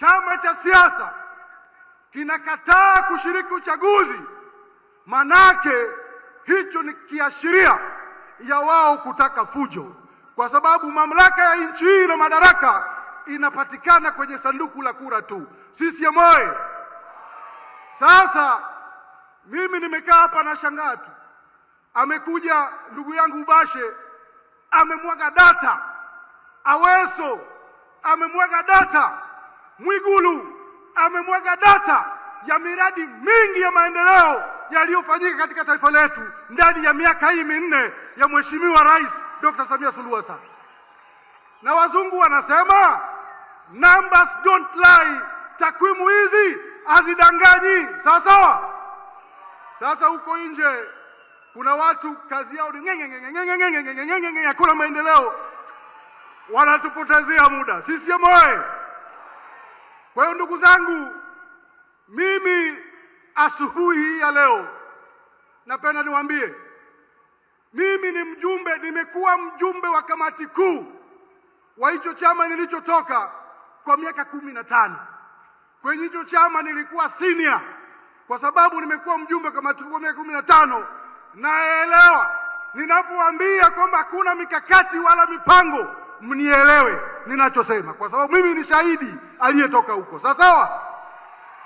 chama cha siasa kinakataa kushiriki uchaguzi, manake hicho ni kiashiria ya wao kutaka fujo, kwa sababu mamlaka ya nchi hii na madaraka inapatikana kwenye sanduku la kura tu. CCM oyee! Sasa mimi nimekaa hapa na shangaa tu, amekuja ndugu yangu Ubashe amemwaga data, Aweso amemwaga data Mwigulu amemwaga data ya miradi mingi ya maendeleo yaliyofanyika katika taifa letu ndani ya miaka hii minne ya Mheshimiwa Rais Dr. Samia Suluhu Hassan. Na wazungu wanasema numbers don't lie, takwimu hizi hazidanganyi. Sasa Sasa huko nje kuna watu kazi yao ni hakuna maendeleo, wanatupotezea muda. CCM oyee! Kwa hiyo ndugu zangu, mimi asubuhi hii ya leo napenda niwaambie, mimi ni mjumbe, nimekuwa mjumbe wa kamati kuu wa hicho chama nilichotoka kwa miaka kumi na tano. Kwenye hicho chama nilikuwa senior, kwa sababu nimekuwa mjumbe wa kamati kuu kwa miaka kumi na tano. Naelewa ninapowaambia kwamba hakuna mikakati wala mipango, mnielewe ninachosema, kwa sababu mimi ni shahidi aliyetoka huko. Sawa sawa.